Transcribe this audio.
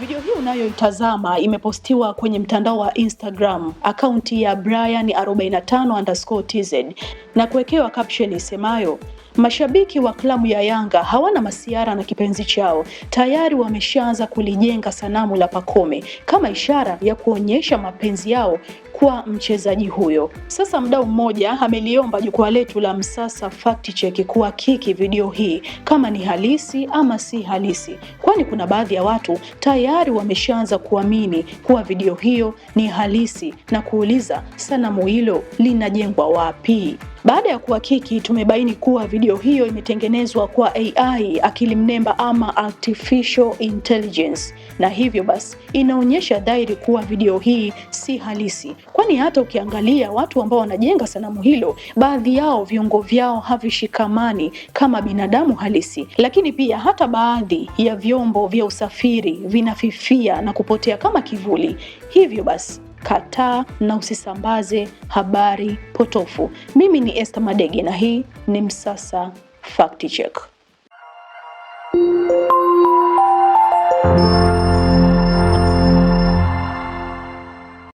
Video hii unayoitazama imepostiwa kwenye mtandao wa Instagram akaunti ya Brian45_tz na kuwekewa caption isemayo mashabiki wa klabu ya Yanga hawana masiara na kipenzi chao, tayari wameshaanza kulijenga sanamu la Pacome kama ishara ya kuonyesha mapenzi yao kwa mchezaji huyo. Sasa mdau mmoja ameliomba jukwaa letu la Msasa Fact Check kuhakiki video hii kama ni halisi ama si halisi, kwani kuna baadhi ya watu tayari tayari wameshaanza kuamini kuwa video hiyo ni halisi na kuuliza sanamu hilo linajengwa wapi? Baada ya kuhakiki, tumebaini kuwa video hiyo imetengenezwa kwa AI, akili mnemba ama artificial intelligence, na hivyo basi inaonyesha dhahiri kuwa video hii si halisi, kwani hata ukiangalia watu ambao wanajenga sanamu hilo, baadhi yao viungo vyao havishikamani kama binadamu halisi, lakini pia hata baadhi ya vyombo vya usafiri vinafifia na kupotea kama kivuli. Hivyo basi kataa na usisambaze habari potofu. Mimi ni Esther Madege na hii ni Msasa Fact Check.